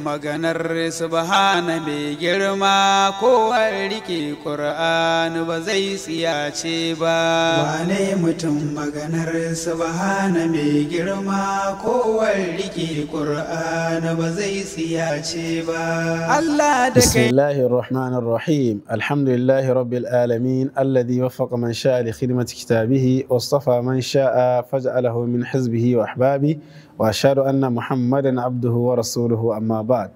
maganar subhana mai girma kowar rike ƙur'ani ba zai tsiyace ba wane mutum maganar subhana mai girma kowar rike ƙur'ani ba zai tsiyace ba Allah da kai Bismillahir Rahmanir Rahim Alhamdulillahi Rabbil Alamin alladhi waffaqa man sha'a li khidmati kitabihi wastafa man sha'a faj'alahu min hizbihi wa ahbabihi واشهد ان محمدا عبده ورسوله اما بعد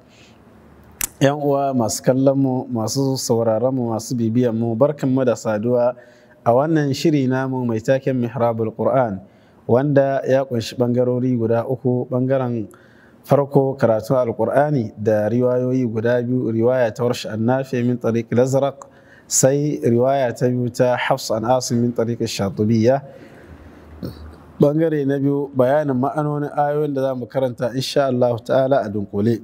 yan uwa masu kallon mu masu sauraron mu masu bibiyan mu barkan mu da saduwa a wannan shiri namu mai taken mihrabul qur'an wanda ya kunshi bangarori guda uku bangaren farko karatun alkur'ani da riwayoyi guda biyu riwaya ta warsh annafi min tariq lazraq sai riwaya ta biyu ta hafs an asim min tariq shatubiyya bangare na biyu bayanin ma'anonin ayoyin da za mu karanta insha Allah ta'ala a dunkule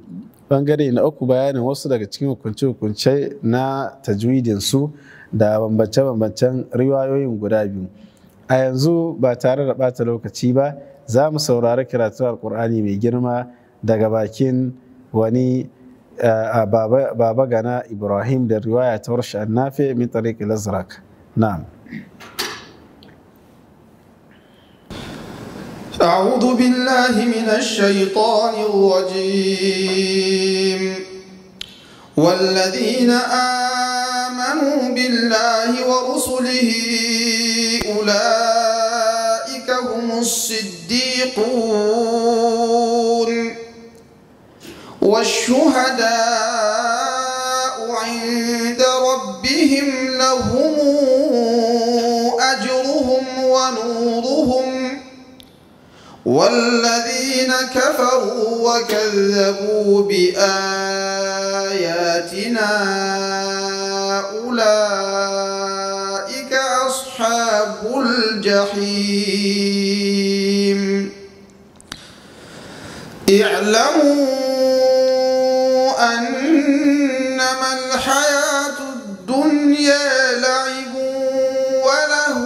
bangare na uku bayanin wasu daga cikin hukunce-hukunce na tajwidin su da bambance-bambancen riwayoyin guda biyu a yanzu ba tare da bata lokaci ba za mu saurari karatu alkur'ani mai girma daga bakin wani eh, baba gana ibrahim da riwaya ta warshi annafe min tariq al-azraq na'am أعوذ بالله من الشيطان الرجيم والذين آمنوا بالله ورسله أولئك هم الصديقون والشهداء عند ربهم لهم والذين كفروا وكذبوا بآياتنا أولئك أصحاب الجحيم اعلموا أنما الحياة الدنيا لعب وله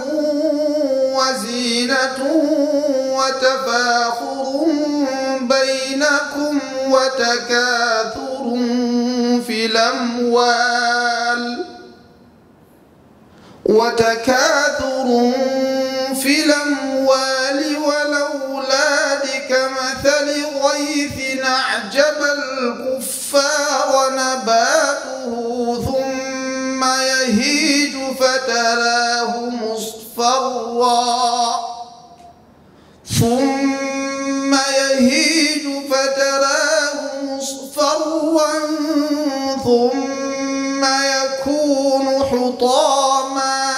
وزينته وتفاخر بينكم وتكاثر في الأموال وتكاثر في الأموال والأولاد كمثل غيث أعجب الكفار نباته ثم يهيج فتراه مصفرًا ثم يهيج فتراه مصفرا ثم يكون حطاما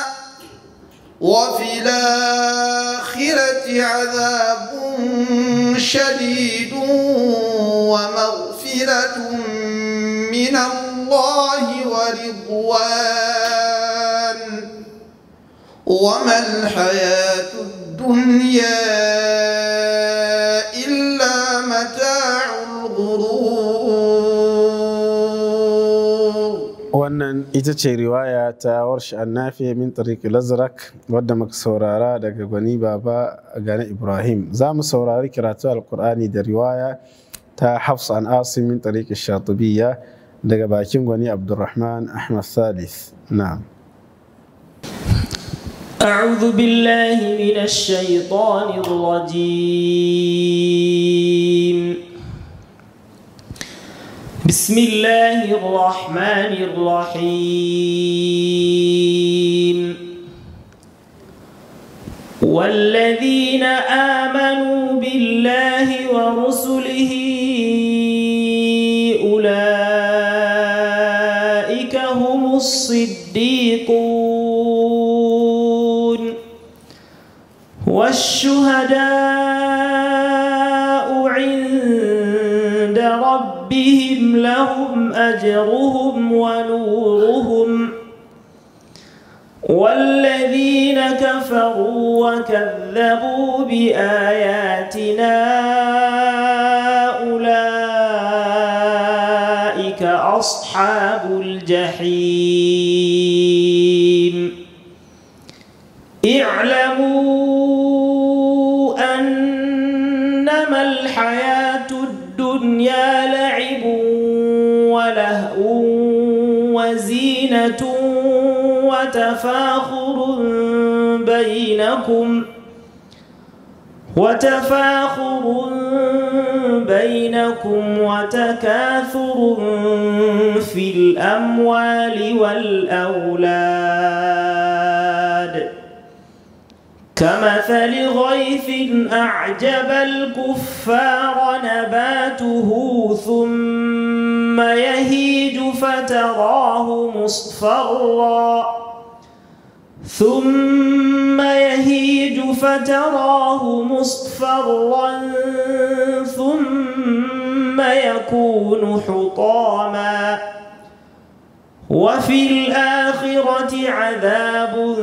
وفي الآخرة عذاب شديد ومغفرة من الله ورضوان وما الحياة الدنيا الدنيا إلا متاع الغرور wannan ita ce riwaya ta warsh annafi min tariqi lazrak wadda muka saurara daga gwani baba gane ibrahim za mu saurari karatu alkur'ani da riwaya ta hafs an asim min tariqi shatibiyya daga bakin gwani abdurrahman ahmad salis na'am أعوذ بالله من الشيطان الرجيم بسم الله الرحمن الرحيم والذين آمنوا بالله ورسله أولئك هم الصديقون شهداء عند ربهم لهم أجرهم ونورهم والذين كفروا وكذبوا بآياتنا أولئك أصحاب الجحيم وتفاخر بينكم وتفاخر بينكم وتكاثر في الأموال والأولاد كمثل غيث أعجب الكفار نباته ثم يهيج فتراه مصفرًا ثم يهيج فتراه مصفرا ثم يكون حطاما وفي الآخرة عذاب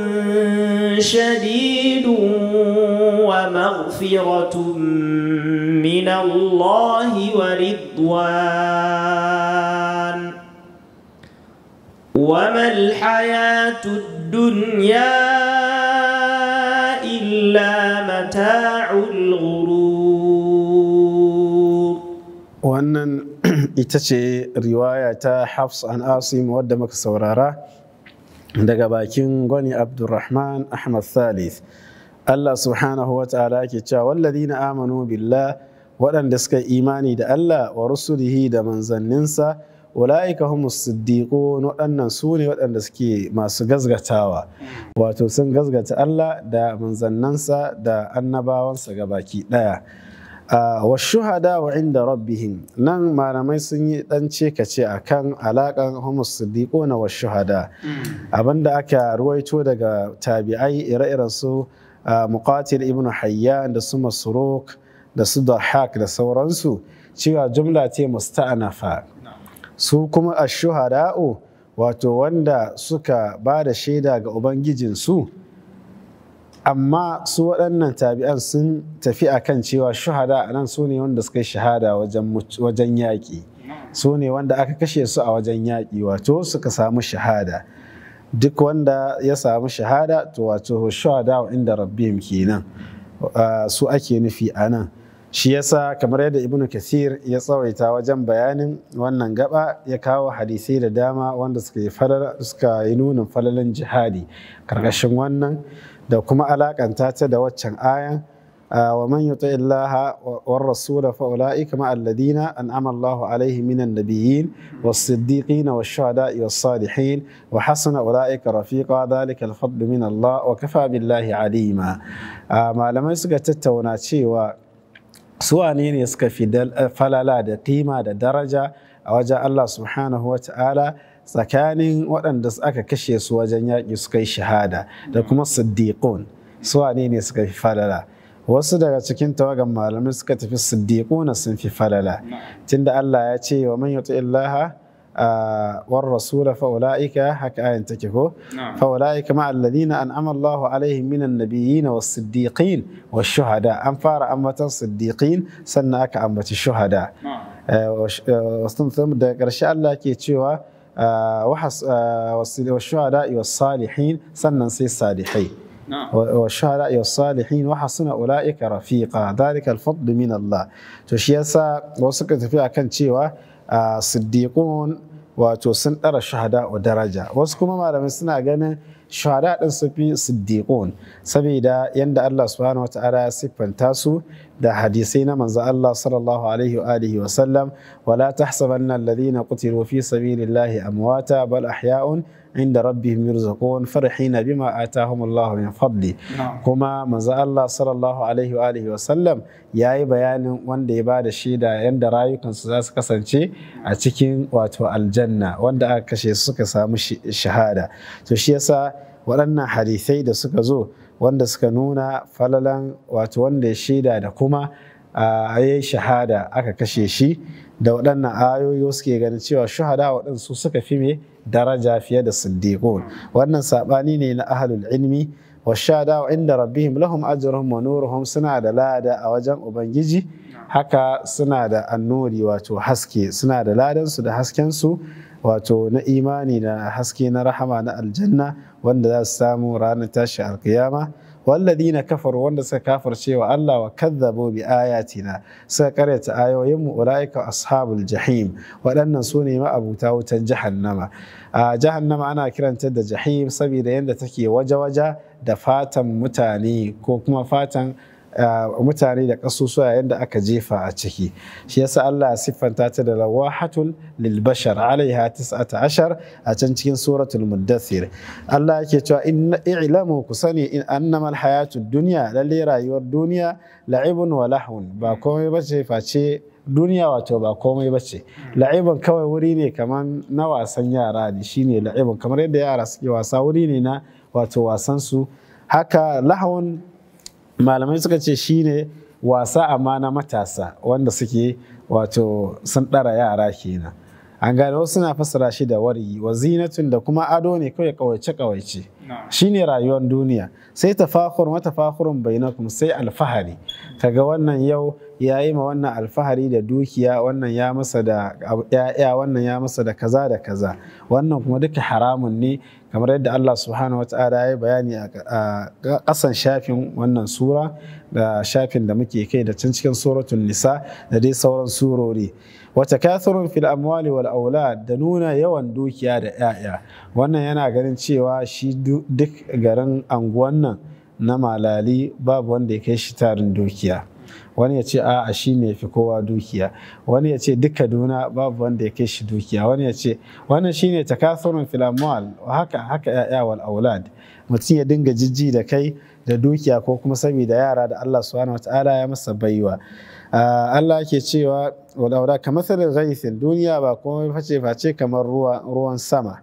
شديد ومغفرة من الله ورضوان وما الحياة الدنيا إلا متاع الغرور wannan ita ce riwaya ta Hafs an Asim wadda muka saurara daga bakin gwani Abdulrahman Ahmad Thalith Allah subhanahu wa ta'ala ke cewa wallazina amanu billah waɗanda suka imani da Allah wa rusulihi da manzanninsa ula'ika hum siddiqun waɗannan su ne waɗanda suke masu gazgatawa wato sun gazgata Allah da manzannansa da annabawansa gabaki ɗaya wa shuhada wa inda rabbihim nan malamai sun yi dan cekace a kan alaƙan homus na wa shuhada abinda aka ruwaito daga tabi'ai ire-iren su muqatil ibnu hayya da su masruk da su dahak da sauransu cewa jumla ce musta'anafa su kuma ashuhada'u wato wanda suka ba da shaida ga ubangijinsu amma su waɗannan tabi'an sun tafi a kan cewa shuhada a nan su ne wanda suka yi shahada wajen yaƙi su ne wanda aka kashe su a wajen yaƙi wato suka samu shahada duk wanda ya samu shahada to wato shuhada inda rabbim kenan su ake nufi a nan shi yasa kamar yadda ibn kathir ya tsawaita wajen bayanin wannan gaba ya kawo hadisai da dama wanda suka yi nunin falalin jihadi karkashin wannan da kuma alakanta ta da waccan ayan wa man yuti illaha wa rasula fa ulaika ma alladina an'ama Allahu alaihim minan nabiyyin was wa was shuhada'i was salihin wa hasuna ulaika rafiqa dhalika al-fadl min Allah wa kafa billahi alima malamai suka tattauna cewa su ne ne suka fi eh, falala da kima da daraja a wajen Allah subhanahu wa ta'ala tsakanin waɗanda aka kashe su wajen yaƙi suka yi shahada da kuma siddiƙun su ne ne suka fi falala wasu daga cikin tawagan malamai suka tafi siddiƙuna sun fi falala tunda Allah ya ce wa man yuti illaha war rasula fa haka ayan take ko fa ulaika ma alladhina an'ama minan nabiyyin was siddiqin was shuhada an fara ambatan siddiqin sannan aka wasu da ƙarshe Allah ke cewa والشهداء والصالحين سنن سي الصالحين والشهداء والصالحين وحسن أولئك رفيقا ذلك الفضل من الله تشيسا وسكت في أكن تشيوا صديقون wato sun ɗara shahada wa daraja wasu kuma malamai suna ganin shahada ɗin su fi siddiqun saboda yadda Allah subhanahu wa ta'ala ya siffanta su da hadisai na manzo Allah sallallahu alaihi wa alihi wa sallam wala tahsabanna alladhina qutilu fi sabilillahi amwata bal ahya'un inda rabbihim yurzaqun farihina bima atahum Allah min fadli kuma manzo Allah sallallahu alaihi wa alihi wa sallam yayi bayanin wanda ya bada shaida yanda rayukansu za su kasance a cikin wato aljanna wanda aka kashe su suka samu shahada to shi yasa waɗannan hadisai da suka zo wanda suka nuna falalan wato wanda ya shaida da kuma a yayi shahada aka kashe shi da waɗannan ayoyi suke ganin cewa shuhada waɗansu suka fi me daraja fiye da siddiqun wannan sabani ne na ahlul ilmi wa shada inda rabbihim lahum ajruhum wa nuruhum suna da lada a wajen ubangiji haka suna da annuri wato haske suna da ladansu da haskensu wato na imani da haske na rahama na aljanna wanda za su samu ranar tashi alkiyama walladi na kafar wanda suka kafirce wa Allah wa kadzabu bi ayatina suka karyata ayoyin mu ulaika ashabul jahim waɗannan sune ma ne ma'abuta wutan jahannama a jahannama ana kiranta da jahim saboda yadda take waje-waje da fatan mutane ko kuma fatan mutane da kasusuwa yadda aka jefa a ciki shi yasa Allah ya siffanta ta da lawahatul lil bashar alaiha tis'ata ashar a can cikin suratul muddathir Allah yake cewa in i'lamu ku sani in al hayatud dunya lalle rayuwar duniya la'ibun wa lahun ba komai bace face duniya wato ba komai ba ce kawai wuri ne kamar na wasan yara ne shine la'ibun kamar yadda yara suke wasa wuri ne na wato wasan su haka lahun malamai suka ce shine wasa amma na matasa wanda suke wato sun ɗara yara kenan an gane wasu na fassara shi da wari wa zinatun da kuma ado ne kawai kawaice kawaice shine rayuwar duniya sai tafakur matafakurun bainakum sai alfahari kaga wannan yau ya yi ma wannan alfahari da dukiya wannan ya masa da ya'ya wannan ya masa da kaza da kaza wannan kuma duka haramun ne kamar yadda Allah subhanahu wa ta'ala ya yi bayani a kasan shafin wannan sura da shafin da muke kai da can cikin suratul nisa da dai sauran surori wata kathurun fil amwali wal aulad da nuna yawan dukiya da ya'ya wannan yana ganin cewa shi duk garin anguwan nan na malali babu wanda ya kai shi tarin dukiya wani ya ce a'a shi ne fi kowa dukiya wani ya ce duk kaduna babu wanda ya kai shi dukiya wani ya ce wannan shi ne takasurun filamuwal haka haka ya'ya wal aulad mutum ya dinga jijji da kai da dukiya ko kuma saboda yara da Allah subhanahu wataala ya masa baiwa ah, Allah ke cewa wadawada kamar sarar ghaisin duniya ba komai face face kamar ruwan sama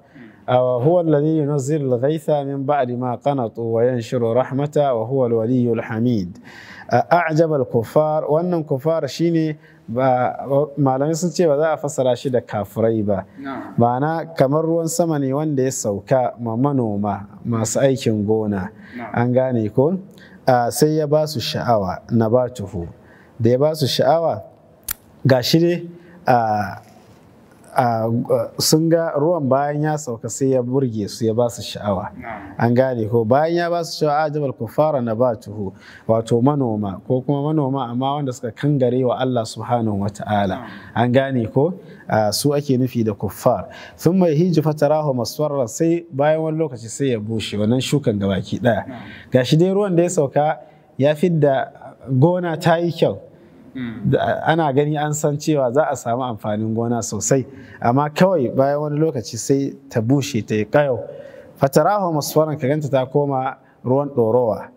وهو ah, الذي min الغيث من بعد wayan قنطوا rahmata wa huwa الولي hamid a'jabal kufar wannan kufar shine malamai sun ce ba za a fasara shi da kafurai ba ma'ana kamar ruwan sama ne wanda ya sauka ma manoma masu aikin gona an gane ko sai ya ba su sha'awa na batuhu da ya ba su sha'awa ga shi ne sun ga ruwan bayan ya sauka sai ya burge su ya ba su sha'awa an gane ko bayan ya ba su sha'awa jabal kufara na ba tuhu wato manoma ko kuma manoma amma wanda suka kangare wa Allah subhanahu wata'ala an gane ko su ake nufi da kuffar sun mai hiji fatarahu maswarra sai bayan wani lokaci sai ya bushe wannan shukan gabaki daya gashi dai ruwan da ya sauka ya fidda gona ta yi kyau ana gani an san cewa za a samu amfanin gona sosai amma kawai bayan wani lokaci sai ta bushe ta yi kayo fatarahu masfaran ka ganta ta koma ruwan ɗorowa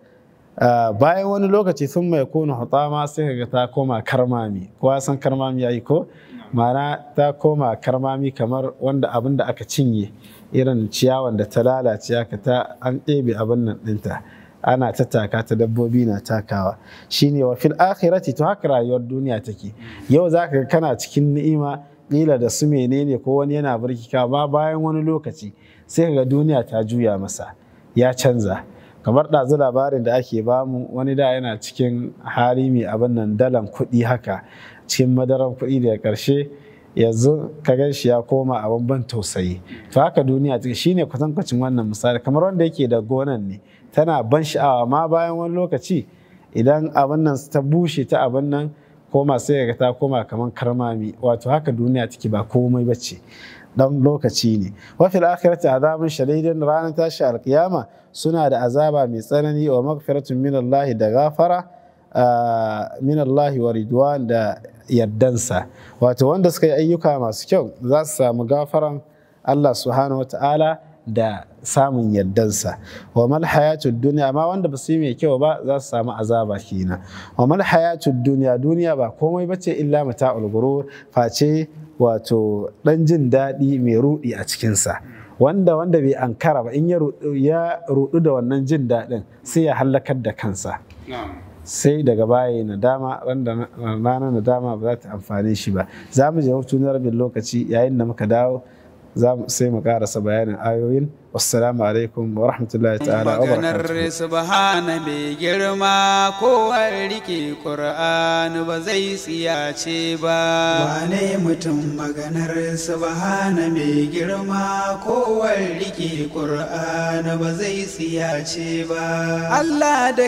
ah, bayan wani lokaci sun mai kunu hutama sai kaga ta koma karmami kowa san karmami ya yi ko mana ta koma karmami kamar wanda abin da aka cinye irin ciyawan da ta lalace aka ta an ɗebe abin nan ɗinta ana tattaka ta dabbobi na takawa shine wa fil akhirati to haka rayuwar duniya take yau zaka kana cikin ni'ima ƙila da su menene ko wani yana birkika ba bayan wani lokaci sai ga duniya ta juya masa ya canza kamar ɗazu labarin da ake bamu wani da yana cikin hali mai abin nan dalan kuɗi haka cikin madaran kuɗi daga ƙarshe yanzu ka gan shi ya koma a ban tausayi to haka duniya take shine kwatankwacin wannan misali kamar wanda yake da gonan ne tana ban sha'awa ma bayan wani lokaci idan abin nan ta bushe ta abin nan koma sai ga ta koma kamar karmami wato haka duniya take ba komai bace dan lokaci ne wa fil akhirati azabun shadidin ranar tashi alqiyama suna da azaba mai tsanani wa maghfiratun min Allah da gafara ah, min wa ridwan da yardansa wato wanda suka yi ayyuka masu kyau za su samu gafaran Allah subhanahu wa ta'ala da samun yardansa wa mal hayatud duniya amma wanda ba su yi mai kyau ba za su samu azaba kina wa mal hayatud duniya duniya ba komai bace illa mata'ul gurur face wato dan jin daɗi mai rudi a cikinsa wanda wanda bai ankara ba in ya rudu da wannan jin daɗin sai ya hallakar da kansa sai daga baya nadama ranar nadama ba za ta amfane shi ba za mu je hutu na rabin lokaci yayin da muka dawo sai mu karasa bayanin ayoyin wassalamu alaikum wa rahmatullahi ta'ala wa barakatuhu subhana mai girma ko rike qur'ani ba zai tsiyace ba wane mutum maganar subhana mai girma ko rike qur'ani ba zai ce ba Allah da